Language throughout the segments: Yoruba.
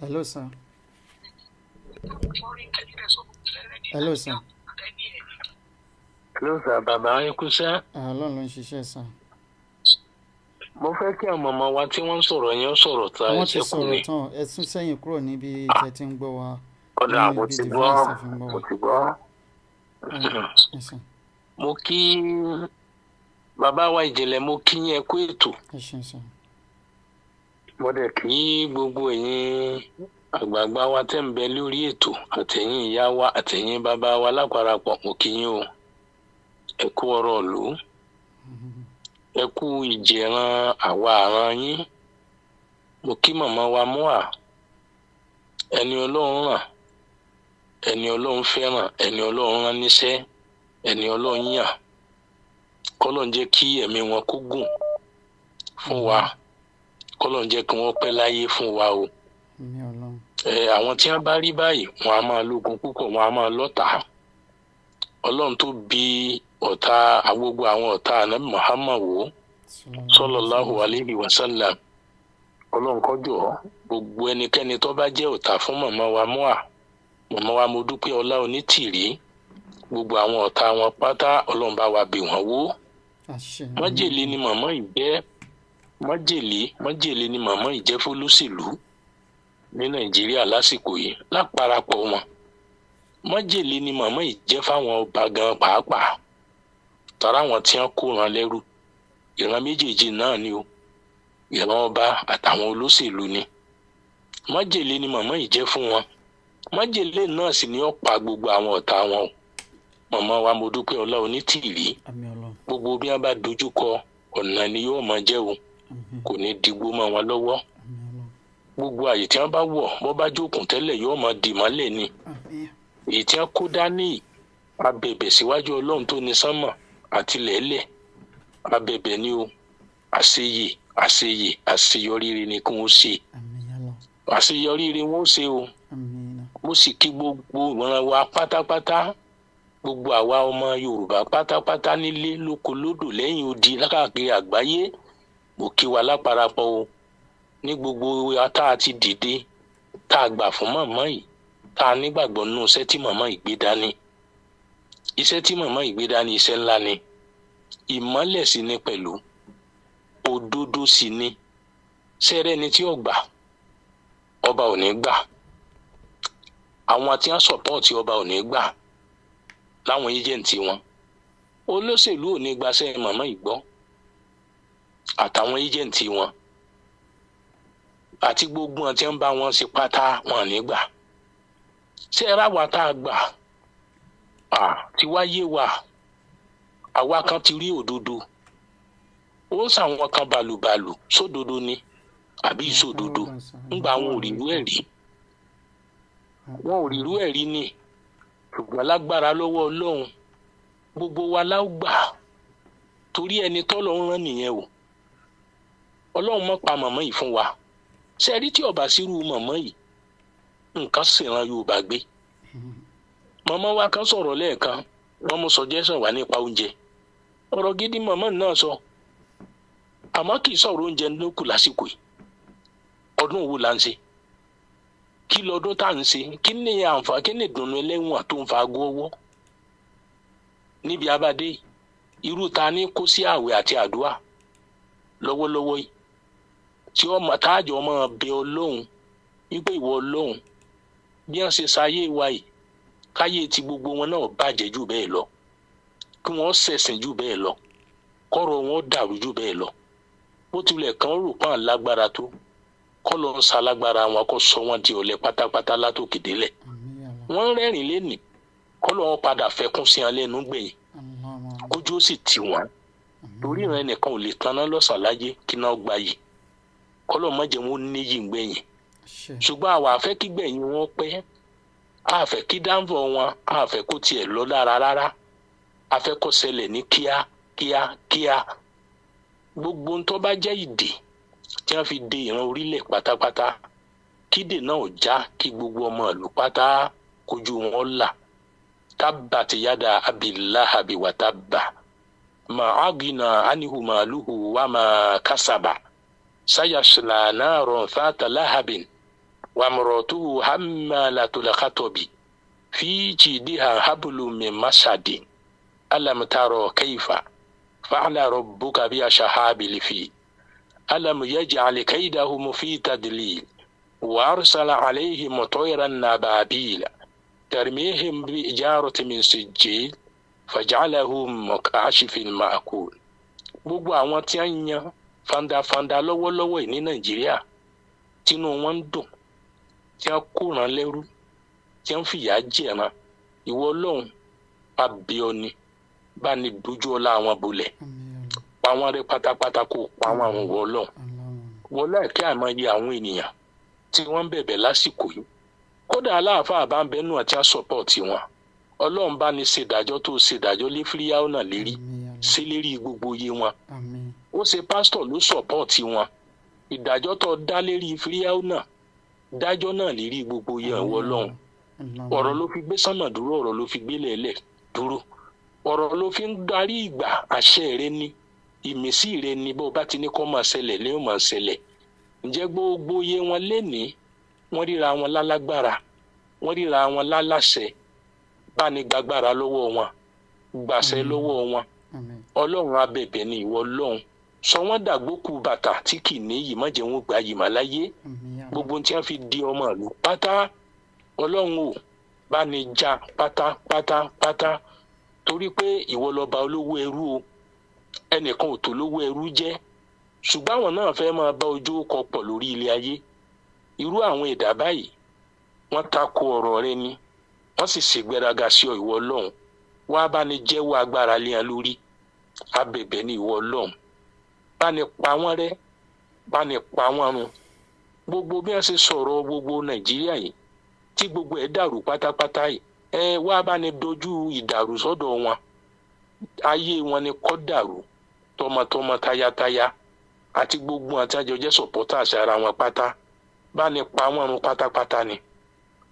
hello sir. hello sir. hello sir bàbá ayẹkú sẹ́. àlọ́ ló ń ṣiṣẹ́ sir. mo fẹ́ kí àwọn ọmọ wa tí wọ́n ń sọ̀rọ̀ yẹn sọ̀rọ̀ ta ẹsẹ̀ kù ni. wọ́n ti sọ̀rọ̀ tán ẹ tún sẹ́yìn kúrò níbi ìtẹ́ ah. tí ń gbọ́ wa. ọ̀dà mo ti gbọ́ mo ti gbọ́. mo kí bàbá wa ìjìnlẹ̀ mo kí yẹn kú ètò. mo dẹ̀ gbogbo ẹ̀yin àgbààgbà wa tẹ́ lórí ètò àtẹ̀yìn ìyá wa àtẹ̀yìn bàbá wa láparapọ̀ mo o ọ̀rọ̀ ìlú ẹ ìjẹran àwa àran yín mo kí màmá wa ẹni ọlọ́run ràn kọ́lọ̀ ń jẹ́ kí wọ́n pẹ́ láyé fún wa o. àwọn tí wọ́n bá rí báyìí wọ́n á máa lógun púpọ̀ wọ́n á máa lọ́tà ọlọ́run tó bí ọ̀tá agbógbó àwọn ọ̀tá ànábì Muhammad wò sallallahu alayhi wa sallam ọlọ́run kọjọ gbogbo ẹnikẹ́ni tó bá jẹ́ ọ̀tá fún màmá wa mua màmá wa mo dúpẹ́ ọlá onítìrí gbogbo àwọn ọ̀tá wọn pátá ọlọ́run bá wa bì wọ́n wó májèlé ni màmá yìí májèlé májèlé ni màmá ìjẹ́fó lóṣèlú ní nàìjíríà lásìkò yìí láparapọ̀ wọn májèlé ni màmá ìjẹ́ fáwọn ọba gan pàápàá tara wọn tí wọn kóran lẹ́rú ìran méjèèjì náà ni o ìran ọba àtàwọn olóṣèlú ni májèlé ni màmá ìjẹ́ fún wọn májèlé náà sì ni ó pa gbogbo àwọn ọ̀tá wọn o màmá wa mo dúpẹ́ ọlá onítìrí gbogbo bí wọn bá dojú kọ ọ̀nà ni yóò máa jẹ́ o kò ní digbó mọ́ wọn lọ́wọ́ gbogbo àyè tí wọ́n bá wọ̀ bọ́ bá jókòó tẹ́lẹ̀ yóò máa dì mọ́lẹ̀ ni èyí tí wọ́n kó dání abẹ̀bẹ̀ síwájú ọlọ́run tó ní sánmà àti lẹ́lẹ̀ abẹ̀bẹ̀ ni o àṣeyè àṣeyè àṣeyọrí ni kí wọ́n ṣe àṣeyọrí rere wọ́n ṣe o mo sì kí gbogbo ìran wa pátápátá gbogbo àwa ọmọ Yorùbá pátápátá nílé lóko lódò lẹ́yìn odi lákàkiri àgbáyé mo kí wa láparapọ̀ o ní gbogbo tá a ti dìde tá a gbà fún màmá yìí tá a nígbàgbọ́ nínú iṣẹ́ tí màmá yìí gbé dání iṣẹ́ tí màmá yìí gbé dání iṣẹ́ ńlá ni ìmọ́lẹ̀ sí ni pẹ̀lú òdodo sì ni sẹ́rẹ́ ni tí ó gbà ọba ò ní gbà àwọn tí wọ́n sọ̀pọ́ọ̀tì ọba ò ní gbà láwọn ẹjẹǹtì wọn olóṣèlú ò ní gbaṣẹ́ màmá yìí gbọ́ àtàwọn ẹjẹǹtì wọn àti gbogbo ọ̀n tí ń bá wọn ṣe pátá wọn nígbà ṣé ẹ ráwa tá a gbà à ti wa àwa kan ti rí òdodo ó ṣàwọn kan balùbalù sódodo ni àbí ìṣòdodo ńgbà wọn ò rírú ẹ̀ rí wọn ò rírú ẹ̀ rí ni ṣùgbọ́n lágbára lọ́wọ́ ọlọ́run gbogbo wa la ó torí ẹni tọ́lọ́run rán nìyẹn o ọlọ́run mọ̀ pa màmá yìí fún wa ṣe rí tí ọba sírú màmá yìí nǹkan ṣèràn yorùbá gbé màmá wa kan sọ̀rọ̀ lẹ́ẹ̀kan wọ́n mú suggestion wá nípa oúnjẹ ọ̀rọ̀ gidi màmá náà sọ àmọ́ kì í sọ̀rọ̀ oúnjẹ ló kù lásìkò yìí ọdún wo la ń ṣe kí lọ́dún tá à ń ṣe kí ni àǹfà kí ni ìdùnnú ẹlẹ́wọ̀n tó ń fa ago ọwọ́ níbi abadé irú ta ni kó sí àwẹ̀ àti àdúrà lọ́wọ́lọ́wọ́ yìí tí ọmọ táàjọ ọmọ bẹ Ọlọ́hun wípé ìwọ Ọlọ́hun bí wọ́n ṣe ṣayé wa yìí káyé ti gbogbo wọn náà bàjẹ́ jù bẹ́ẹ̀ lọ kí wọ́n ṣẹ̀sìn jù bẹ́ẹ̀ lọ kọ́rọ̀ wọn dàrú jù bẹ́ẹ̀ lọ bó tilẹ̀ kàn rò pọ́n lágbára tó kọ́ lọ ń ṣalágbára wọn kó sọ wọn di ọ̀lẹ pátápátá látòkè délẹ̀ wọ́n rẹ́rìn lẹ́nì kọ́ lọ́wọ́ padà fẹ́kún sí wọn lẹ́nu gbẹ̀yìn kójú ó sì tì wọ́n torí ìran ẹnìkan ò lè tanná lọ́sàn láyé kí náà gbayì kọ́lọ́ má jẹ́ wọn níyì gbẹ̀yìn ṣùgbọ́n àwa àfẹ́ kí gbẹ̀yìn wọn pẹ́ àfẹ́ kí dáńfọ̀ wọn àfẹ́ kó tiẹ̀ lọ lára rárá àfẹ́ kó ṣẹlẹ̀ ní kíá kíá kíá gbogbo ń tó bá jẹ́ ìdè tí wọ́n fi de ìran orílẹ̀ pátápátá kídè náà já kí gbogbo ọmọ ìlú pátá kojú wọn là tábàtì yàda abiláhàbí wàtábà màá gínà ánihùmàlúhù wàmà kásábà. سيصلى نار ذات لهب وامرأته حمالة الخطب في جيدها حبل من مسد ألم تروا كيف فعل ربك بها شهاب في ألم يجعل كيدهم في تدليل وأرسل عليهم طيرا نبابيل ترميهم بإجارة من سجيل فجعلهم كعشف المأكول gbogbo àwọn fandafanda lọ́wọ́lọ́wọ́ yìí ní nàìjíríà tínú wọn ń dùn tí wọn kóran lẹ́rú tí wọn fìyà jẹran ìwọ ọlọ́run abioni bá ní dojú ọlá àwọn bolẹ̀ pa wọn rẹ́ pátápátá kó pa wọn àwọn ìwọ ọlọ́run wọlé ẹkẹ àmọye àwọn ènìyàn tí wọn ń bẹ̀bẹ̀ lásìkò yìí kódà aláàfáà bá ń bẹnu àti àsọpọ̀tì wọn ọlọ́run bá ní ṣèdájọ́ tó ṣèdájọ́ lé fíríyàwó náà lérí ṣe lérí gbogbo iye wọn ó ṣe pásítọ̀ ló sọ̀pọ̀tì wọn ìdájọ́ tó dá lérí fíríàwó náà dájọ́ náà lérí gbogbo yẹn ọ̀rọ̀ ló fi gbé sánmà dúró ọ̀rọ̀ ló fi gbé dúró ọ̀rọ̀ ìgbà àṣẹ rẹ ni ìmísí rẹ ni bó bá ti ṣẹlẹ̀ máa ṣẹlẹ̀ ǹjẹ́ gbogbo iye wọn wọ́n ríra wọ́n ríra wọn láláṣẹ gbàgbára lọ́wọ́ wọn gbàṣẹ wọn ọlọ́run abẹ̀bẹ̀ sọ wọ́n dàgbókù bàtà tí kì í níyì má jẹ́ wọn gbà yìí má láyé gbogbo tí wọ́n fi di ọmọ ìlú pátá ọlọ́run ò bá ní já pátá pátá pátá torí pé ìwọ lọba olówó ẹrú o ẹnìkan ò tó lówó ẹrú jẹ́ ṣùgbọ́n àwọn náà fẹ́ máa bá ojú kọ pọ̀ lórí ilé ayé irú àwọn ẹ̀dá báyìí wọ́n tako ọ̀rọ̀ rẹ ni wọ́n sì ṣègbéraga sí ọ ìwọ ọlọ́run wàá bá ní jẹ́wọ́ agbára lé wọn lórí abẹ̀bẹ̀ ní ìwọ ọlọ́run bá ní pa wọ́n rẹ́ bá ní pa wọ́n run gbogbo bí wọ́n ṣe sọ̀rọ̀ gbogbo nàìjíríà yìí tí gbogbo ẹ̀ dàrú pátápátá yìí ẹ wá bá ní dojú ìdàrú sọ́dọ̀ wọn ayé wọn ni kọ́ dàrú tọmọtọmọ tayátayá àti gbogbo àtàjọ jẹ́ supporters ara wọn pátá bá pa wọ́n run pátápátá ni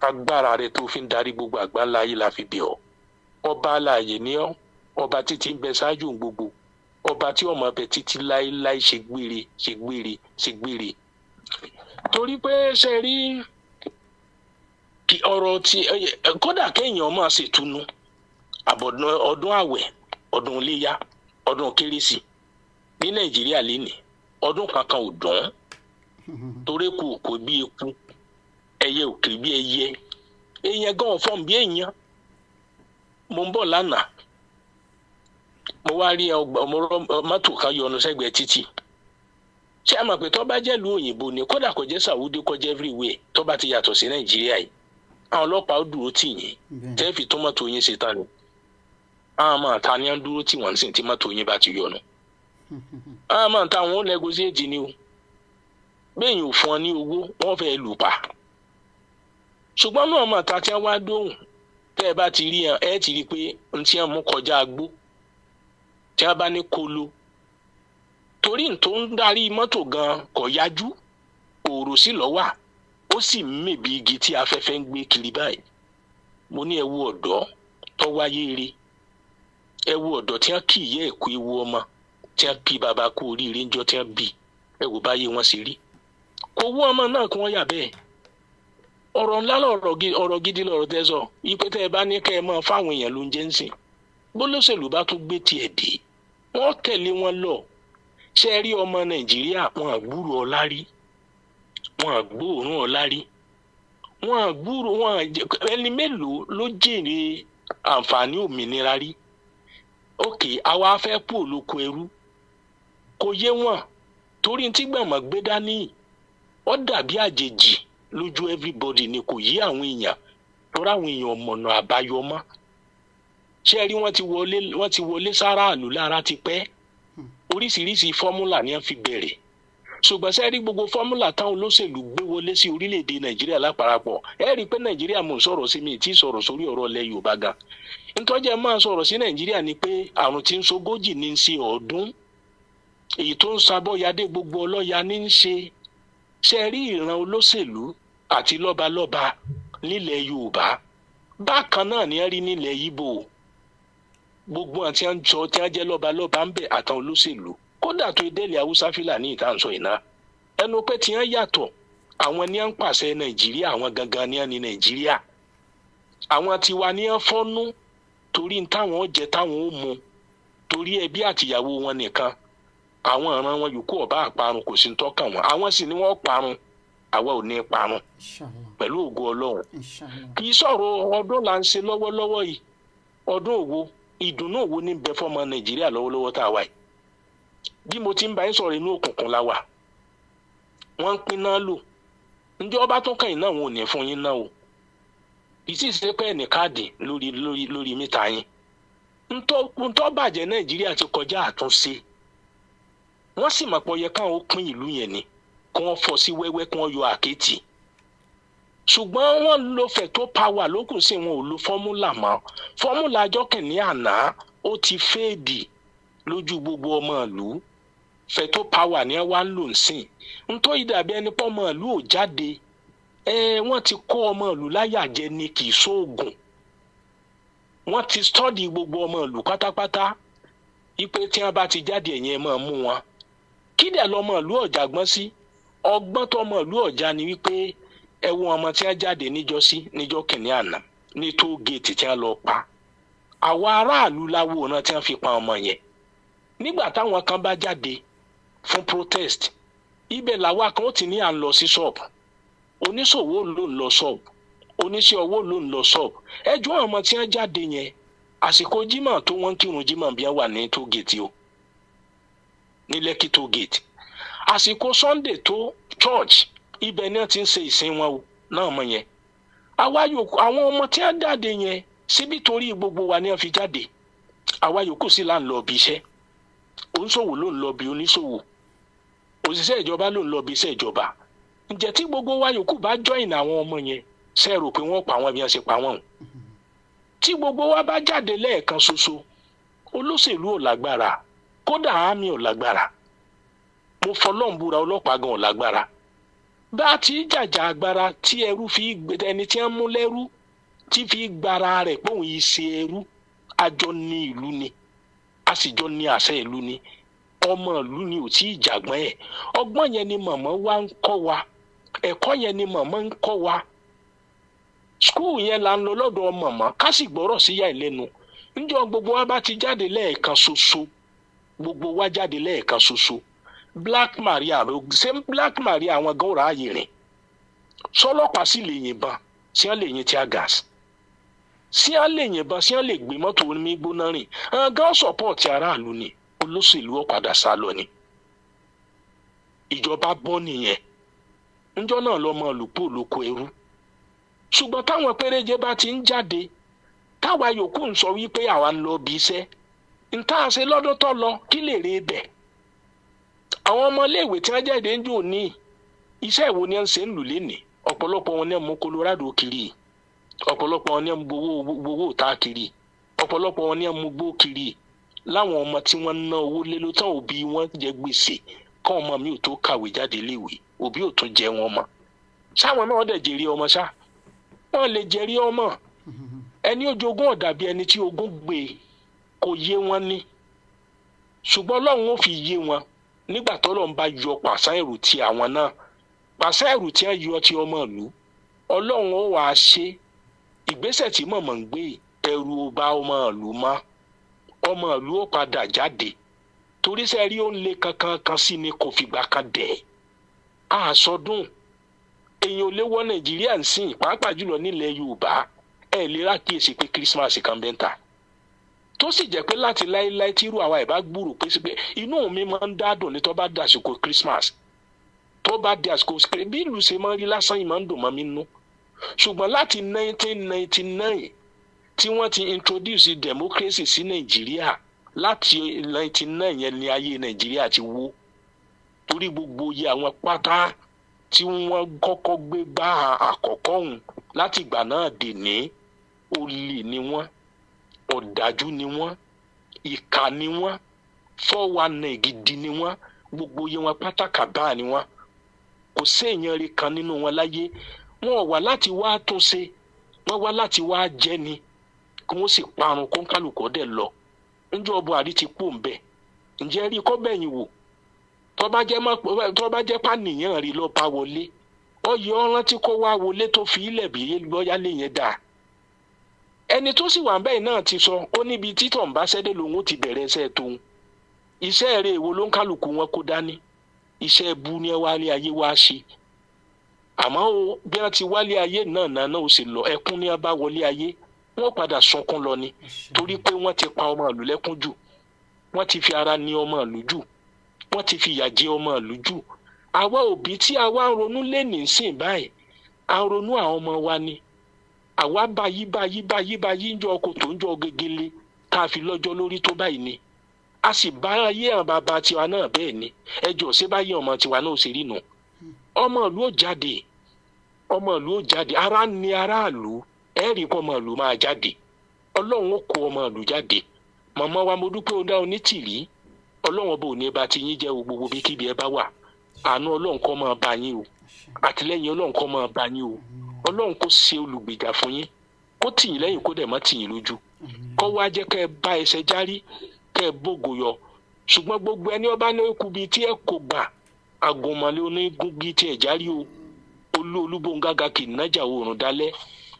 agbára rẹ tó fi ń darí gbogbo àgbáńlá ayé la fi bẹ̀ ọ́ ọba aláàyè ni ọ́ ọba títí ń bẹ ṣáájú gbogbo ọba tí ọmọ bẹ títí láéláé ṣe gbére ṣe gbére ṣe gbére torí pé ṣe rí ọ̀rọ̀ tí kódà kéèyàn máa ṣètùnú àbọ̀dún ọdún àwẹ̀ ọdún iléyá ọdún kérésì ní nàìjíríà lénìí ọdún kankan ò dán. torí kò kò bí eku ẹyẹ ò kiri bí ẹyẹ èèyàn gan ọ̀fọ̀n bí èèyàn mo ń bọ̀ lánàá mo wá rí mọ́tò kan sẹ́gbẹ̀ẹ́ títì ṣé a mọ̀ pè tó bá jẹ́ lu òyìnbó ni kódà kò jẹ́ Saudi kò everywhere bá ti yàtọ̀ sí Nàìjíríà yìí àwọn ọlọ́pàá ó dúró tì yín tẹ́ fi tó mọ́tò yín ti A ta o fún ọ ní owó wọ́n fẹ́ lù pa ṣùgbọ́n náà tí wọ́n dóhùn tẹ́ ẹ bá ti rí ẹ ti tí wọ́n bá ní kolo torí tó ń darí mọ́tò gan kò yájú òòrò sí lọ́wà ó sì mèbí igi tí afẹ́fẹ́ ń gbé kiri báyìí mo ní ẹwu ọ̀dọ́ tọ́wáyé rí ẹwu ọ̀dọ́ tí wọ́n kì í yẹ ẹ̀kú ewu ọmọ tí wọ́n kì í bàbá kú oríire ńjọ tí wọ́n bì ẹwù báyé wọn sì rí kò wú ọmọ náà kí wọ́n yà bẹ́ẹ̀ ọ̀rọ̀ ńlá ọ̀rọ̀ gidi lọ̀rọ̀ tẹ́ sọ ẹ bá ní kẹ́ ẹ mọ́ fáwọn èèyàn ló ń jẹ́ ń sìn bólóṣèlú bá tún gbé tiẹ̀ dé wọ́n tẹ̀lé wọn lọ ṣe rí ọmọ nàìjíríà wọn àgbúrò ọlá rí wọn àgbóòrùn ọlá rí wọn àgbúrò wọn ẹni mélòó ló jèrè àǹfààní òmìnira rí ok àwa fẹ́ pò lóko ẹrú kò yé wọn torí tí gbọ̀mọ̀ gbé dání ó dàbí àjèjì lójú everybody ni kò yé àwọn èèyàn lọ́rọ̀ àwọn èèyàn ọ̀mọ̀nà àbáyọ mọ́ ṣé rí wọ́n ti wọlé wọ́n ti wọlé sáráàlú lára ti pẹ́ hmm. oríṣiríṣi fọ́múlà ni wọ́n fi bẹ̀rẹ̀ ṣùgbọ́n ṣé rí gbogbo fọ́múlà táwọn olóṣèlú gbé wọlé sí orílẹ̀-èdè nàìjíríà láparapọ̀ ẹ rí i pé nàìjíríà mò ń sọ̀rọ̀ sí mi tí sọ̀rọ̀ sórí ọ̀rọ̀ ilẹ̀ yorùbá gan ntọ́jà máa sọ̀rọ̀ sí nàìjíríà ni pé àrùn tí ń ṣogójì ní í ṣe ọ̀ọ́dún èyí tó ń sabọ́yadé gbogbo ọlọ́ya ní ṣe ṣe rí ìran olóṣèlú àti lọ́balọ́ba nílẹ̀ yorùbá bákan náà ni ẹ rí nílẹ̀ yíbo gbogbo àti àjọ tí a jẹ lọba lọba ń bẹ àtàwọn olóṣèlú kódà tó délé haúsá fúlàní ìtànsọ ìná ẹnu pé tí wọn yàtọ̀ àwọn ní à ń pàṣẹ nàìjíríà àwọn gangan ní à ní nàìjíríà àwọn tiwa ní à ń fọnú torí táwọn jẹ táwọn ó mu torí ẹbí àtìyàwó wọn nìkan àwọn ọ̀ràn wọn yòókù ọba àparun kò sí ń tọ́kàn wọn àwọn sì ni wọ́n parun àwa ò ní parun pẹ̀lú ògo ọlọ́run kì í sọ̀rọ̀ ọdún là ń ṣe lọ́wọ́lọ́wọ́ yìí ọdún òwò ìdùnnú wo ní bẹ fọmọ nàìjíríà lọ́wọ́lọ́wọ́ tá a wà yìí bí mo ti ń bá yín sọ̀rọ̀ inú òkùnkùn la wà wọ́n ń pín náà lò ǹjẹ́ ọba tó kàn yín náà wọn ò ní fún yín náà o ìsì ṣe pé ẹnì káàdì lórí lórí lórí mítà yín ntọ́ bàjẹ́ nàìjíríà ti kọjá àtúnṣe wọ́n sì mọ̀ pé yẹ káwọn ó pín ìlú yẹn ni kí wọ́n fọ́ sí wẹ́wẹ́ kí wọ́n yọ àkẹ́tì ṣùgbọ́n wọ́n lo fẹ̀tó pàwà lókù sí wọn ò lo fọ́múlà mọ́ fọ́múlà jọ́kìnní àná ó ti fèèdì lójú gbogbo ọmọ ìlú fẹ̀tó pàwà ni wọ́n ń lò sìn ntọ́ ìdàbí ẹni pọ́ ọmọ ìlú ò jáde ẹ wọ́n ti kó ọmọ ìlú láyà ni kì í sóògùn wọ́n ti stọ́dì gbogbo ọmọ ìlú pátápátá ipe tí wọ́n bá ti jáde ẹ̀yẹn máa mú wọn kí dẹ̀ lọ́mọ ìlú ọ̀jàgbọ́n sí ọgbọ́n tọmọ ìlú ọ̀já ni wípé ẹ wo ọmọ tí wọ́n jáde níjọ́ sí níjọ́ kìnínní àná ní tó géètì tí wọ́n lọ pa àwọn aráàlú láwòrán tí wọ́n fi pa ọmọ yẹn nígbà táwọn kan bá jáde fún protest ibẹ̀ làwọn kan ó ti ní à ń lọ sí ṣọ́ọ̀bù oníṣòwò ló ń lọ ṣọ́ọ̀bù oníṣẹ́ ọwọ́ ló ń lọ ṣọ́ọ̀bù ẹjọ́ ọmọ tí wọ́n jáde yẹn àsìkò jimá tó wọ́n kírun jimá bí wọ́n wà ní tó géètì o ní lẹ́kì tó géètì àsìkò sunday tó church ibẹ̀ ni wọ́n ti ń ṣe ìsìn wọn o náà mọ̀ yẹn àwa yòókù àwọn ọmọ tí wọ́n jáde yẹn síbi torí gbogbo wa ni wọ́n fi jáde àwa yòókù sí là ń lọ bí iṣẹ́ oníṣòwò ló ń lọ bí oníṣòwò òṣìṣẹ́ ìjọba ló ń lọ bí iṣẹ́ ìjọba ǹjẹ́ tí gbogbo wa yòókù bá jọ́ìn àwọn ọmọ yẹn ṣe rò pé wọ́n pa wọn bí wọ́n ṣe pa wọn o tí gbogbo wa bá jáde lẹ́ẹ̀kan ṣoṣo olóṣèlú ò lágbára kódà àmì ò lágbára mo fọlọ́ǹbúra ọlọ́pàá gan ò lágbára bá a ti jàjà agbára tí ẹrú fi ẹni tí ń mú lẹ́rú tí fi gbára rẹ̀ pòun yìí ṣe ẹrú àjọ ní ìlú ni a sì jọ ní àṣẹ ìlú ni ọmọ ìlú ni ò tí ì jàgbọ́n ẹ̀ ọgbọ́n ni màmá wa ń kọ́ wa ẹ̀kọ́ yẹn ni màmá ń wa skul yẹn la ń lọ lọ́dọ̀ màmá ká sì gbọ́rọ̀ sí yà gbogbo wa bá ti jáde lẹ́ẹ̀kan ṣoṣo gbogbo wa jáde lẹ́ẹ̀kan ṣoṣo black maria ló ṣe black maria àwọn gan ọ̀rọ̀ ààyè rìn sì lè yìnbọn sí wọn lè yìn gas sí wọn lè yìnbọn sí wọn lè gbé mọ́tò omi gbóná rìn àwọn gan support aráàlú ni olóṣèlú ọ̀padà sá lọ ni ìjọba bọ́ nìyẹn náà lọ́mọ bá ti ń jáde táwa wípé àwa ń lọ bí iṣẹ́ lọ kí lè àwọn ọmọléèwé tí wọ́n jáde ń jò ní iṣẹ́ ìwo ni wọ́n ṣe ń lù lénìí ọ̀pọ̀lọpọ̀ wọn ni wọ́n mú Colorado kiri ọ̀pọ̀lọpọ̀ wọn ni wọ́n mú gbowó ta kiri ọ̀pọ̀lọpọ̀ wọn ni wọ́n mú gbó kiri láwọn ọmọ tí wọ́n ná owó lé ló tán òbí wọn jẹ gbèsè kọ́ ọmọ mi ò tó kàwé jáde léwe òbí ò tún jẹ wọn mọ́ sáwọn náà dẹ̀ jèrè ọmọ sá wọ́n lè jèrè ọmọ ẹni ojogún ọ̀dàbí ẹni tí ogún gbé kò yé wọn ní ṣùgbọ́n Ọlọ́run ó fi yé wọn nígbà tọ́lọ́run bá yọ pàṣẹ ẹ̀rù ti àwọn náà pàṣẹ ẹ̀rù tí wọ́n yọ ti ọmọ ìlú ọlọ́run ó wàá ṣe ìgbésẹ̀ tí mọ̀mọ́ ń gbé ẹ̀rù ò bá ọmọ ìlú mọ́ ọmọ ìlú ó padà jáde torí sẹ́rí ó ń le kankan kan sí ni kò fìgbà kan dẹ̀ àsọdún èèyàn ò lè wọ nàìjíríà ń sìn pàápàá jùlọ nílẹ̀ yorùbá ẹ̀ lè rákìyèsí pé kírísímàsì kan bẹ́ẹ̀ ta tó sì jẹ́ pé láti láéláé tí irú àwa ìbá gbúrò pé sí pé inú mi máa ń dádùn ní tó bá di àsìkò Christmas tó bá di àsìkò bí ìlú ṣe máa ń rí lásán yìí máa ń dùn mọ́ mi nú ṣùgbọ́n láti 1999 tí wọ́n ti introduce democracy sí Nàìjíríà láti 99 yẹn ni ayé Nàìjíríà ti wó torí gbogbo iye àwọn pátá tí wọ́n kọ́kọ́ gbé bá àkọ́kọ́ ọ̀hún láti ìgbà náà dè ní olè ni wọ́n ọ̀dájú ni wọ́n ìkà ni wọ́n fọ́wánà gidi ni wọ́n gbogbo iye wọn pátákà báà ni wọ́n kò séèyàn rí kan nínú wọn láyé wọn ò wá láti wá tún ṣe wọn wá láti wá jẹ ni kí wọn sì parun kó ń kálukọ dẹ lọ ńjọ́ Buhari ti kú ńbẹ ǹjẹ́ rí kọ́ bẹ̀yìn wò tọ́ba jẹ́ pàníyàn rí ló bá wọlé ọyẹ ọ̀rántí kó wá wọlé tó fi ilẹ̀ bí bọ́yá lè yẹn dáa ẹni tó sì wà ń bẹ́ẹ̀ náà ti sọ ó níbi títọ̀ ń bá sẹ́dẹ̀ lòun ó ti bẹ̀rẹ̀ iṣẹ́ tóun iṣẹ́ eré èwo ló ń kálukú wọn kó dání iṣẹ́ bu ni ẹ wálé ayé wá ṣe àmọ́ o bí wọ́n ti wálé ayé náà náà náà ó sì lọ ẹkún ni wọ́n bá wọlé ayé wọ́n padà sunkún lọ ni torí pé wọ́n ti pa ọmọ ìlú lẹ́kún jù wọ́n ti fi ara ni ọmọ ìlú jù wọ́n ti fi ìyà jẹ ọmọ ìlú jù àwa òbí tí àwa ń ronú lé nísìn báyìí à ń ronú àwọn ọmọ wa ni àwa báyìí báyìí báyìí báyìí ń jọ ọkọ tó ń jọ gegele tá a fi lọ́jọ́ lórí tó báyìí ni a sì bá ayé àwọn bàbá tiwa náà bẹ́ẹ̀ ni ẹjọ́ ṣé báyìí ọmọ tiwa náà ṣe rí nu ọmọ ìlú ò jáde ọmọ ìlú ò jáde ara ni aráàlú ẹ rí kó ọmọ ìlú máa jáde ọlọ́run ó kó ọmọ ìlú jáde màmá wa mo dúpẹ́ ọ̀dà onítìrí ọlọ́run ọba ò ní bá ti yín jẹ́ gbogbo bí kíbi ẹ bá wà àánú ọlọ́run kó máa bá yín o àtìlẹ́yìn ọlọ́run kó máa bá yín o. ọlọ́run kó se olùgbèjà fún yín kó tì lẹ́yìn kó dẹ̀ má tì yín lójú kó wá jẹ́ kẹ́ ẹ bá ẹsẹ̀ járí kẹ́ ẹ bógo yọ ṣùgbọ́n gbogbo ẹni ọba ní eku bíi tí ẹ kò gbà àgùnmọ̀lẹ́ onígun bíi tí ẹ járí o olú olúbóńgága kì í nájà oòrùn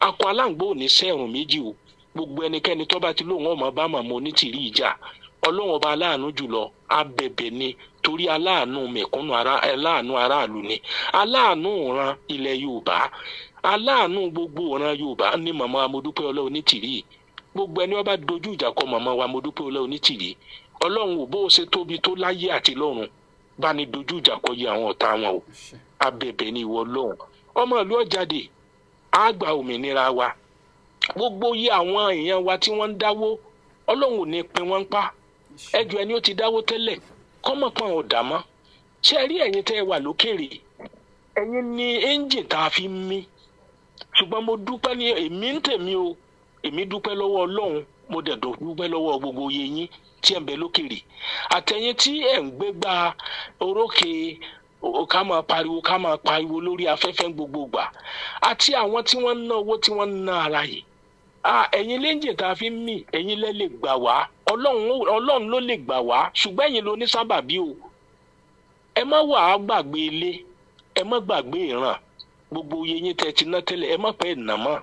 akọ aláǹgbó ò ní sẹ́rùn méjì o gbogbo ẹnikẹ́ni tó bá ti lóun ọmọ ìjà ọlọ́run ọba aláàánú jùlọ abẹ̀bẹ̀ aláàánú gbogbo ọ̀ràn yorùbá ní màmá amodúpẹ́ ọlọ́run ní tìrí gbogbo ẹni ọba dojú ìjà kọ màmá wa amodúpẹ́ ọlọ́run ní tìrí ọlọ́run ò bó ṣe tóbi tó láyé àti lọ́run bá ní dojú ìjà kọ yẹ àwọn ọ̀tá wọn o abẹ̀bẹ̀ ni ìwọ ọlọ́run ọmọ ìlú ọ̀jáde á gba òmìnira wa gbogbo yí àwọn èèyàn wa tí wọ́n ń dáwó ọlọ́run ò ní pin wọ́n pa ẹjọ ẹni ó ti dáwó tẹ́lẹ̀ kọ́mọ̀ ẹ̀yin tẹ́ ẹ ni ẹ́ńjìn tá a fi ń mí ṣùgbọ́n mo dúpẹ́ ní èmi ń tèmi o èmi dúpẹ́ lọ́wọ́ ọlọ́run mo dẹ̀ dúpẹ́ lọ́wọ́ gbogbo yẹ̀yin tí ẹ̀ ń bẹ lókèrè àtẹ̀yìn tí ẹ̀ ń gbé gba orókè ká máa pariwo ká máa pariwo lórí afẹ́fẹ́ gbogbo àti àwọn tí wọ́n ń ná owó tí wọ́n ń ná ara yìí ẹ̀yin léńjì tá a fi ń mì ẹ̀yin lẹ́ lè gbà wá ọlọ́run ló lè gbà wá ṣùgbọ́n ẹ̀yin ló ní sábàbí o ẹ má wàá gbàgbé ilé ẹ má gbàgbé ìran gbogbo oyè yín tẹ́ ti ná tẹ́lẹ̀ ẹ má pẹ́ ẹ̀ nà mọ́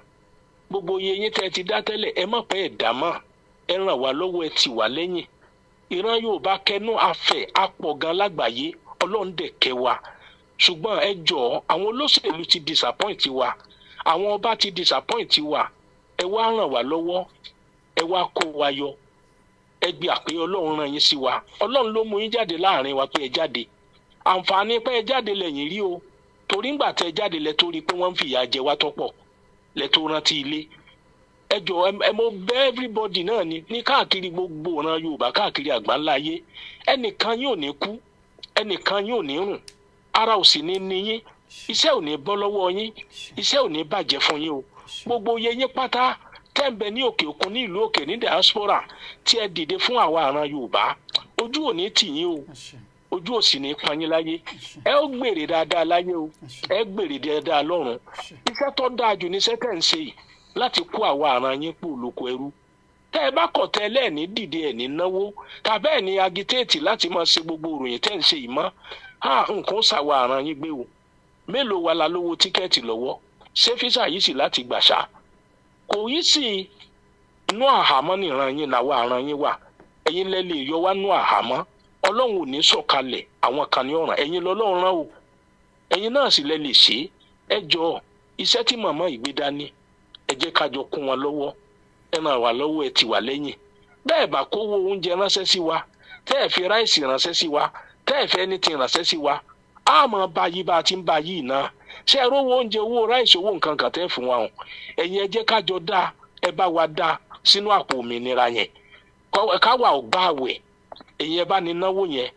gbogbo oyè yín tẹ́ ti dá tẹ́lẹ̀ ẹ má pẹ́ ẹ̀ dà mọ́ ẹ ràn wá lọ́wọ́ ẹ tì wá lẹ́yìn ìran Yorùbá kẹnu afẹ́ apọ̀ gan lágbàáyé Ọlọ́run dẹ̀ kẹ́ wa ṣùgbọ́n ẹ jọ̀ọ́ àwọn olóṣèlú ti disappoint wa àwọn ọba ti disappoint wa ẹ wá ràn wá lọ́wọ́ ẹ wá kó wa yọ ẹ gbé àpé Ọlọ́run ràn yín sí wa Ọlọ́run ló mú yín jáde láàrin wa pé ẹ jáde àǹfààní pé ẹ jáde lẹ́yìn rí o torí ńgbà tẹ jáde lẹ tó rí i pé wọ́n ń fìyà jẹ wá tọ́pọ̀ lẹ rántí ilé ẹ jọ ẹ mọ bẹ everybody náà ni ní káàkiri gbogbo ìran Yorùbá káàkiri àgbáńlá ayé ẹnìkan yóò ní kú ẹnìkan yóò ní rùn ara ò sì ní ní yín iṣẹ́ ò ní bọ́ lọ́wọ́ yín iṣẹ́ ò ní bàjẹ́ fún yín o gbogbo iye yín pátá tẹ́ǹbẹ̀ ní òkè òkun ní ìlú òkè ní diaspora tí ẹ dìde fún àwa àran Yorùbá ojú ò ní tì yín o ojú òsì ní panyín láyé ẹ ó gbèrè dáadáa láyé o ẹ gbèrè dáadáa lọ́run iṣẹ́ tó dáa ju ní sẹ́tẹ̀ ń ṣe láti kó àwa àràn yín pò lóko ẹrú tẹ ẹ bá kọ̀ tẹ́ dìde ẹni náwó tàbẹ agitéètì láti máa gbogbo tẹ ń ṣe yìí nǹkan o mélòó wa la lówó tíkẹ́ẹ̀tì lọ́wọ́ ṣé físà yìí sì láti gbà ṣá kò inú àhámọ́ nìran yín ọlọ́run ò ní sọ̀kalẹ̀ àwọn kan ní ọ̀ràn ẹ̀yin lọ́lọ́run rán o ẹ̀yin náà sì lẹ lè ṣe é ẹ jọ iṣẹ́ tí màmá ìgbé dání ẹ jẹ́ ká jọ kún wọn lọ́wọ́ ẹ ràn wá lọ́wọ́ ẹ tì wá lẹ́yìn bẹ́ẹ̀ bá kówó oúnjẹ ránṣẹ́ sí wa tẹ́ ẹ̀ fi ráìsì ránṣẹ́ sí wa tẹ́ ẹ̀ fẹ́ ní ti ránṣẹ́ sí wa á mọ̀ báyìí bá a ti ń báyìí náà ṣé ẹ rówó oúnjẹ owó ráìsì owó nǹkan kan tẹ́ fún wa o ẹ̀yin ẹ jẹ́ ká jọ dá ẹ bá wa dá sínú àpò òmìnira yẹn káwa ò gbà àwẹ̀ èyí ẹ bá ní náwó yẹn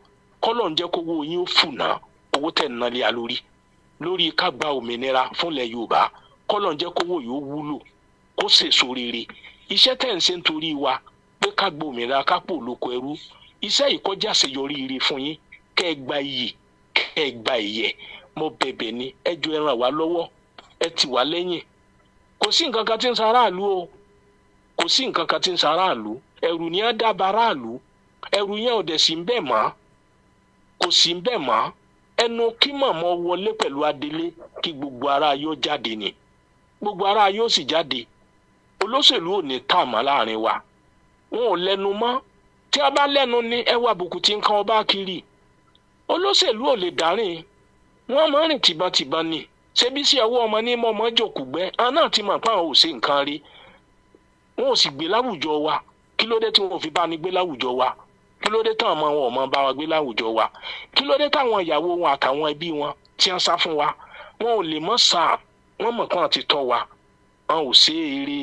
kọ́lọ̀ ń jẹ́ kówó yín ó fùnà owó tẹ̀ ń ná lé a lórí lórí ká gba òmìnira fúnlẹ̀ Yorùbá kọ́lọ̀ ń jẹ́ kówó yìí ó wúlò kó sèso rere iṣẹ́ tẹ̀ ń ṣe nítorí wa pé ká gba òmìnira ká pò lóko ẹrú iṣẹ́ ìkọjá ṣèyọrí ire fún yín kẹ́ ẹ gba iyì kẹ́ ẹ gba ìyẹ́ mo bẹ̀bẹ̀ ni ẹ jọ ẹ ràn wá lọ́wọ́ ẹ tì wá lẹ́yìn kò sí nǹkan kan tí ń sa aráàlú o kò sí nǹkan kan tí ń sa aráàlú ẹrù ni á dábàá aráàlú ẹrù yẹn ò dẹ̀ sí ń bẹ̀ mọ́ kò sí ń bẹ̀ mọ́ ẹnu kí màmá wọlé pẹ̀lú adelé kí gbogbo ara yóò jáde ni gbogbo ara yóò sì jáde olóṣèlú ò ní tà mọ́ láàrin wa wọn ò lẹ́nu mọ́ tí a bá lẹ́nu ní ẹwà àbùkù tí ń kan ọba kiri olóṣèlú ò lè dárìn wọn máa rìn tìbọntìbọn ni ṣebí sí ọwọ́ ọmọ ní mọ́ ọmọ jòkù gbẹ́ àwọn náà ti mọ̀ pé àwọn ò ṣe nǹkan rí wọn ò sì gbé láwùjọ wa kí ló dé tí wọn ò fi bá ní gbé láwùjọ wa kí ló dé táwọn ọmọ wọn ò mọ bá wa gbé láwùjọ wa kí ló dé táwọn ìyàwó wọn àtàwọn ẹbí wọn tí wọn sá fún wa wọn ò lè mọ sáà wọn mọ kàn ti tọ́ wa wọn ò ṣe eré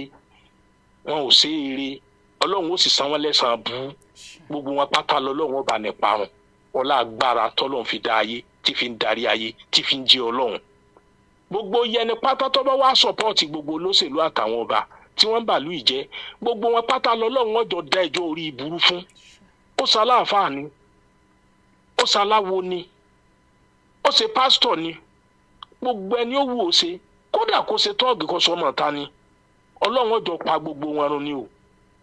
wọn ò ṣe eré Ọlọ́run ó sì san wọn lẹ́sàn-án bú gbogbo wọn pátá lọ́lọ́run ọba níparun ọlá agbára tọ́lọ́run fi dá ayé tí fi ń darí ayé tí fi ń jẹ Ọlọ́run gbogbo yẹni pátá tó bá wá sọpọ́ọ̀tì gbogbo olóṣèlú àtàwọn ọba tí wọ́n ń bàlú ìjẹ́ gbogbo wọn pátá lọ́lọ́run ọjọ́ dá ẹjọ́ orí ìburú fún ó sálá àfáà ni ó wo ni ó ṣe ni gbogbo ẹni ó wù ó kódà kó ṣe tọ́ọ̀gì kó sọmọ ta ni pa gbogbo wọn ni o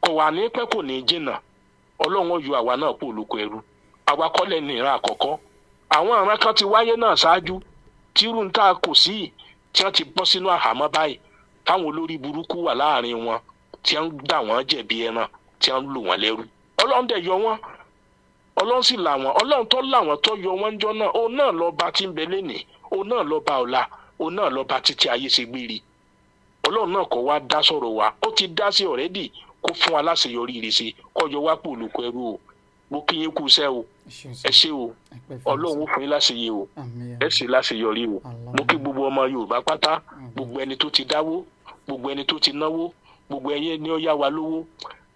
kò wà ní kò ní jìnnà àwa náà kó olùkọ́ ẹrú àwa kọ́lẹ̀ ní àwọn àrùn kan wáyé náà ṣáájú tírú kò sí tí ti bọ́ ọlọ́run dẹ̀ yọ wọ́n ọlọ́run sì là wọ́n ọlọ́run tó là wọ́n tó yọ wọ́n jọ́ náà òun náà lọ́ba tí ń bẹ lénìí òun náà lọ́ba ọ̀la òun náà lọ́ba títí ayé ṣe gbére ọlọ́run náà kò wá dá sọ̀rọ̀ wa ó ti dá sí ọ̀rẹ́dì kó fún aláṣeyọrí rẹ̀ ṣe kọjọ wá pò lóko ẹrú o mo kí yín kú iṣẹ́ o ẹ ṣé o ọlọ́run ó fún yín láṣeyẹ o ẹ ṣe láṣeyọrí o mo kí gbogbo ọmọ yorùbá pátá gbogbo ẹni tó ti dáwó gbogbo ẹni tó ti náwó gbogbo ẹni ó yá wa lówó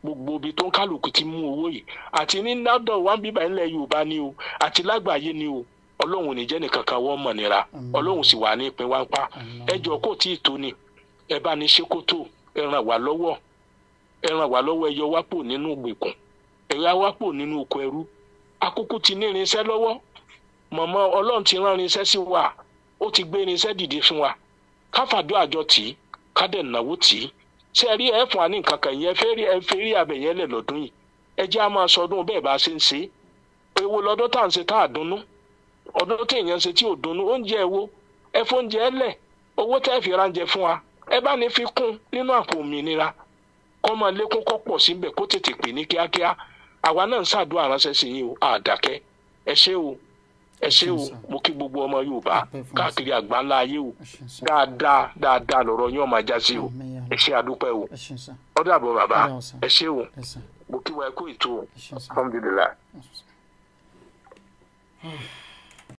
gbogbo ibi tó ń kálukú ti mú owó yìí àti ní nádọ̀ wá bíbá ilẹ̀ yorùbá ni o àti lágbàáyé ni o ọlọ́run ò ní jẹ́ nìkan kan wọ́n mọ̀ nira ọlọ́run sì wà ní ìpín wá ń pa ẹjọ́ kò tí ì tó ni ẹ bá ní ṣe kó ẹ ràn wá lọ́wọ́ ẹ ràn wá lọ́wọ́ ẹ yọ nínú ìgbèkùn ẹ yọ nínú oko ẹrú akúkú ti ní irinṣẹ́ lọ́wọ́ mọ̀mọ́ ọlọ́run ti rán irinṣẹ́ sí wa ó ti gbé irinṣẹ́ dìde fún wa káfàdó tì í ká náwó tì í ṣe rí ẹ fún wa ní nǹkan kan yẹn fẹ́ rí ẹ fẹ́ rí abẹ̀yẹn lẹ̀ lọ́dún yìí ẹ jẹ́ a máa sọdún bẹ́ẹ̀ bá a ṣe ń ṣe èwo lọ́dún tá à ń ṣe tá à dunnú ọdún tí èèyàn ṣe tí ò dunnú oúnjẹ wo ẹ lẹ̀ owó tẹ́ fi ránjẹ fún wa ẹ bá ní fi o àdàkẹ́ ẹ o. ẹ ṣé o mo kí gbogbo ọmọ yorùbá káàkiri àgbáńlá ayé o dáadáa dáadáa lọ́rọ̀ yín ọmọ ajá sí o ẹ ṣé àdúpẹ́ o ọdàbọ̀ bàbá ẹ ṣé o mo kí wa ẹ kú ètò alhamdulilayi.